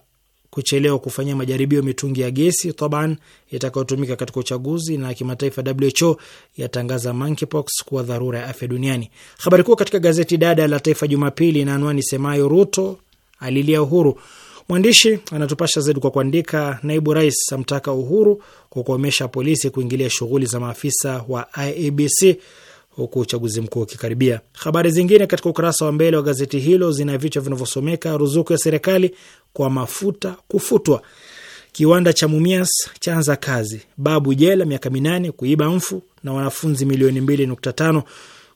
kuchelewa kufanyia majaribio mitungi ya gesi toban itakayotumika katika uchaguzi. Na kimataifa, WHO yatangaza monkeypox kuwa dharura ya afya duniani. Habari kuu katika gazeti dada la Taifa Jumapili na anwani semayo Ruto alilia uhuru. Mwandishi anatupasha zaidi kwa kuandika, naibu rais amtaka Uhuru kukomesha polisi kuingilia shughuli za maafisa wa IEBC huku uchaguzi mkuu ukikaribia. Habari zingine katika ukurasa wa mbele wa gazeti hilo zina vichwa vinavyosomeka: ruzuku ya serikali kwa mafuta kufutwa, kiwanda cha Mumias chaanza kazi, babu jela miaka minane kuiba mfu, na wanafunzi milioni mbili nukta tano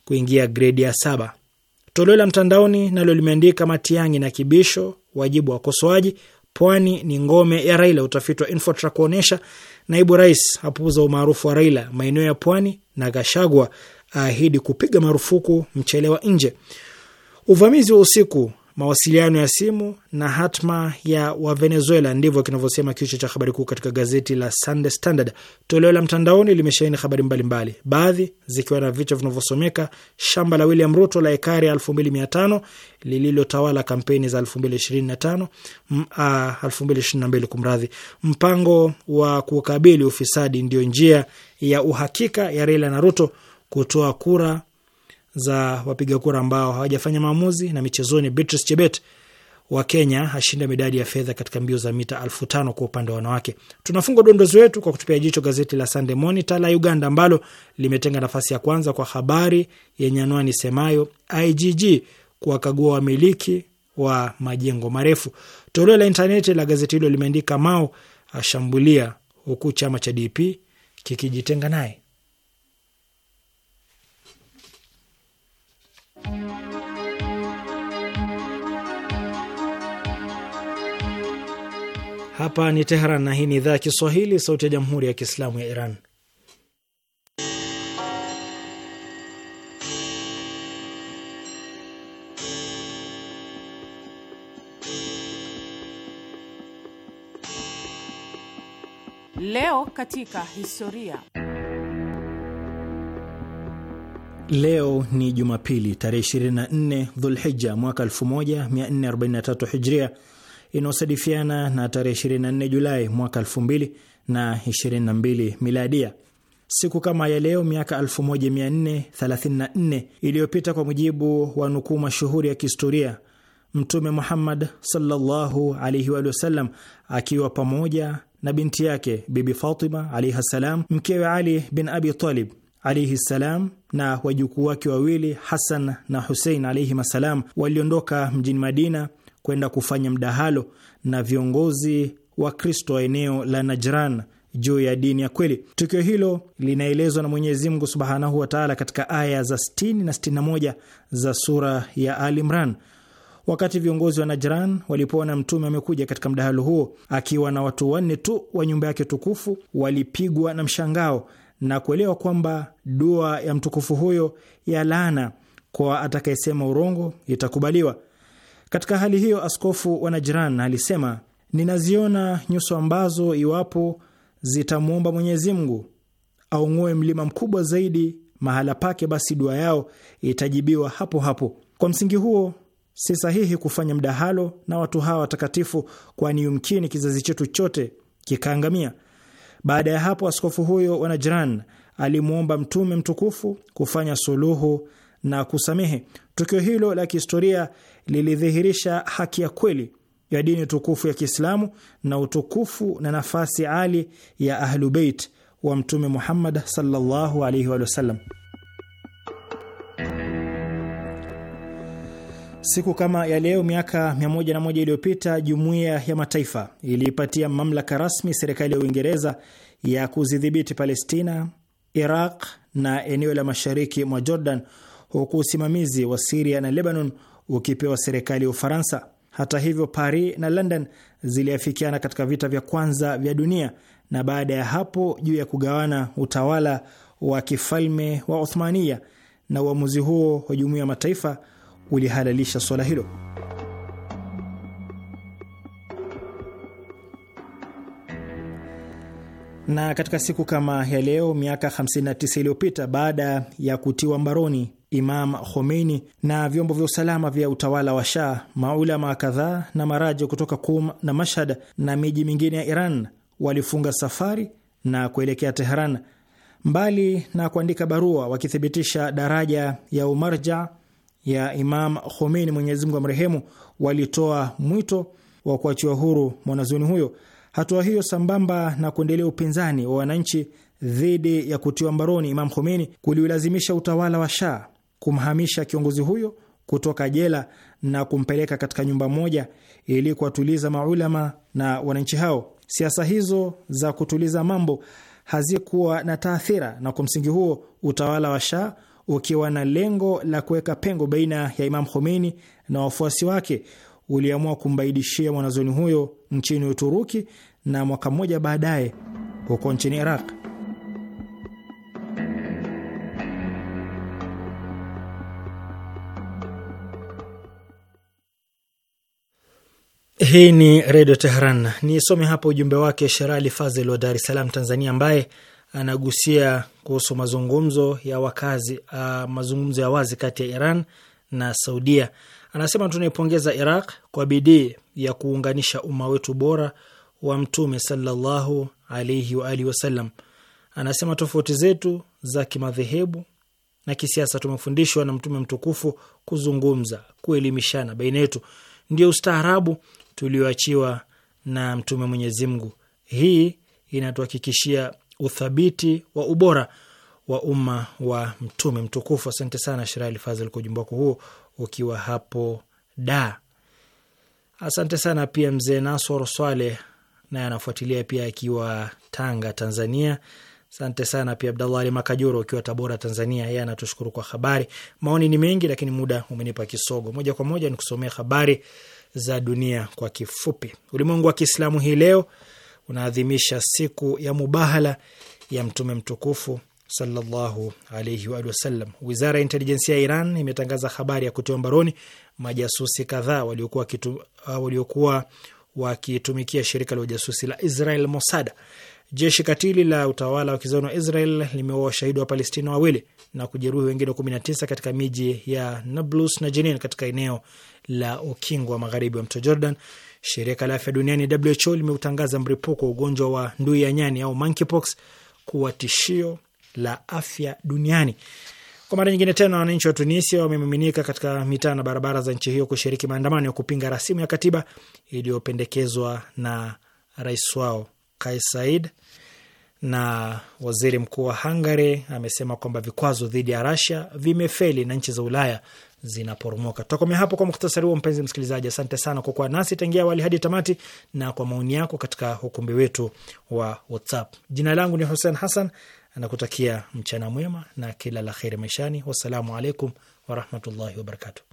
kuingia gredi ya saba. Toleo la mtandaoni nalo limeandika Matiang'i na Kibisho wajibu wa kosoaji pwani ni ngome ya Raila. Utafiti wa Infotrack kuonyesha naibu rais apuuza umaarufu wa Raila maeneo ya pwani, na Gashagwa aahidi kupiga marufuku mchele wa nje. Uvamizi wa usiku mawasiliano ya simu na hatma ya Wavenezuela, ndivyo kinavyosema kichwa cha habari kuu katika gazeti la Sunday Standard toleo la mtandaoni. Limesheheni habari mbalimbali, baadhi zikiwa na vichwa vinavyosomeka shamba la William Ruto la ekari ya 2500 lililotawala kampeni za 2025 2022, kumradhi, mpango wa kukabili ufisadi ndio njia ya uhakika ya Raila na Ruto kutoa kura za wapiga kura ambao hawajafanya maamuzi. Na michezoni, Beatrice Chebet wa Kenya ashinda medali ya fedha katika mbio za mita elfu tano kwa upande wa wanawake. Tunafunga dondozi wetu kwa kutupia jicho gazeti la Sunday Monitor la Uganda ambalo limetenga nafasi ya kwanza kwa habari yenye anwani semayo IGG kuwakagua wamiliki wa majengo marefu. Toleo la intaneti la gazeti hilo limeandika Mao ashambulia huku chama cha DP kikijitenga naye. Hapa ni Teheran na hii ni idhaa ya Kiswahili, sauti ya jamhuri ya kiislamu ya Iran. Leo katika historia Leo ni Jumapili tarehe 24 Dhulhija mwaka 1443 Hijria, inayosadifiana na tarehe 24 Julai mwaka 2022 Miladia. Siku kama ya leo miaka 1434 iliyopita, kwa mujibu wa nukuu mashuhuri ya kihistoria, Mtume Muhammad sallallahu alaihi wa sallam akiwa pamoja na binti yake Bibi Fatima alaihi ssalam, mkewe Ali bin Abi Talib alaihi ssalam na wajukuu wake wawili Hasan na Husein alaihim assalam waliondoka mjini Madina kwenda kufanya mdahalo na viongozi wa Kristo wa eneo la Najran juu ya dini ya kweli. Tukio hilo linaelezwa na Mwenyezi Mungu subhanahu wa taala katika aya za 60 na 61 za sura ya Al Imran. Wakati viongozi wa Najran walipoona Mtume amekuja katika mdahalo huo akiwa na watu wanne tu wa nyumba yake tukufu, walipigwa na mshangao na kuelewa kwamba dua ya mtukufu huyo ya laana kwa atakayesema urongo itakubaliwa. Katika hali hiyo, askofu wa Najran alisema, ninaziona nyuso ambazo iwapo zitamwomba Mwenyezi Mungu aung'oe mlima mkubwa zaidi mahala pake, basi dua yao itajibiwa hapo hapo. Kwa msingi huo si sahihi kufanya mdahalo na watu hawa watakatifu, kwani yumkini kizazi chetu chote kikaangamia. Baada ya hapo, askofu huyo wa Najran alimwomba Mtume mtukufu kufanya suluhu na kusamehe. Tukio hilo la kihistoria lilidhihirisha haki ya kweli ya dini tukufu ya Kiislamu na utukufu na nafasi ali ya Ahlubeit wa Mtume Muhammad sallallahu alaihi wasallam. Siku kama ya leo miaka 101 iliyopita jumuiya ya Mataifa iliipatia mamlaka rasmi serikali ya Uingereza ya kuzidhibiti Palestina, Iraq na eneo la mashariki mwa Jordan, huku usimamizi wa Siria na Lebanon ukipewa serikali ya Ufaransa. Hata hivyo, Paris na London ziliafikiana katika vita vya kwanza vya dunia na baada ya hapo juu ya kugawana utawala wa kifalme wa Othmania, na uamuzi huo wa jumuiya ya Mataifa ulihalalisha swala hilo. Na katika siku kama ya leo miaka 59 iliyopita, baada ya kutiwa mbaroni Imam Khomeini na vyombo vya usalama vya utawala wa Shah, maulama kadhaa na maraji kutoka Kum na Mashhad na miji mingine ya Iran walifunga safari na kuelekea Teheran. Mbali na kuandika barua wakithibitisha daraja ya umarja ya Imam Khomeini, Mwenyezi Mungu amrehemu, walitoa mwito wa kuachiwa huru mwanazuoni huyo. Hatua hiyo sambamba na kuendelea upinzani wa wananchi dhidi ya kutiwa mbaroni Imam Khomeini kuliulazimisha utawala wa Shah kumhamisha kiongozi huyo kutoka jela na kumpeleka katika nyumba moja ili kuwatuliza maulama na wananchi hao. Siasa hizo za kutuliza mambo hazikuwa na taathira, na kwa msingi huo utawala wa Shah ukiwa na lengo la kuweka pengo baina ya Imam Khomeini na wafuasi wake, uliamua kumbaidishia mwanazoni huyo nchini Uturuki na mwaka mmoja baadaye huko nchini Iraq. Hii ni Redio Teheran. Nisome hapa ujumbe wake Sherali Fazel wa Dar es Salaam, Tanzania, ambaye anagusia kuhusu mazungumzo ya wakazi, uh, mazungumzo ya wazi kati ya Iran na Saudia. Anasema tunaipongeza Iraq kwa bidii ya kuunganisha umma wetu bora wa Mtume sallallahu alaihi wa alihi wasallam. Anasema tofauti zetu za kimadhehebu na kisiasa tumefundishwa na Mtume mtukufu kuzungumza, kuelimishana baina yetu, ndio ustaarabu tulioachiwa na Mtume Mwenyezi Mungu. Hii inatuhakikishia uthabiti wa ubora wa umma wa mtume mtukufu. Asante sana Shirali Fazil kwa ujumbe wako huo, ukiwa hapo da. Asante sana pia mzee Nasor Swale, naye anafuatilia pia akiwa Tanga, Tanzania. Asante sana pia Abdallah Ali Makajuro ukiwa Tabora, Tanzania. Yeye anatushukuru kwa habari. Maoni ni mengi, lakini muda umenipa kisogo. Moja kwa moja ni kusomea habari za dunia kwa kifupi. Ulimwengu wa Kiislamu hii leo unaadhimisha siku ya mubahala ya Mtume mtukufu sallallahu alaihi wa wasallam. Wizara ya intelijensia ya Iran imetangaza habari ya kutiwa mbaroni majasusi kadhaa waliokuwa waliokuwa wakitumikia shirika la ujasusi la Israel Mossad. Jeshi katili la utawala wa kizayuni wa Israel limeua washahidi wa Palestina wawili na kujeruhi wengine 19 katika miji ya Nablus na Jenin katika eneo la ukingo wa magharibi wa mto Jordan. Shirika la afya duniani WHO limeutangaza mripuko wa ugonjwa wa ndui ya nyani au monkeypox kuwa tishio la afya duniani. Kwa mara nyingine tena, wananchi wa Tunisia wamemiminika katika mitaa na barabara za nchi hiyo kushiriki maandamano ya kupinga rasimu ya katiba iliyopendekezwa na rais wao Kais Said. Na waziri mkuu wa Hungary amesema kwamba vikwazo dhidi ya rasia vimefeli na nchi za Ulaya zinaporomoka. Tutakomea hapo kwa muhtasari huo, mpenzi msikilizaji. Asante sana kwa kuwa nasi tangia awali hadi tamati na kwa maoni yako katika ukumbi wetu wa WhatsApp. Jina langu ni Hussein Hassan, anakutakia mchana mwema na kila la kheri maishani. Wassalamu alaikum warahmatullahi wabarakatu.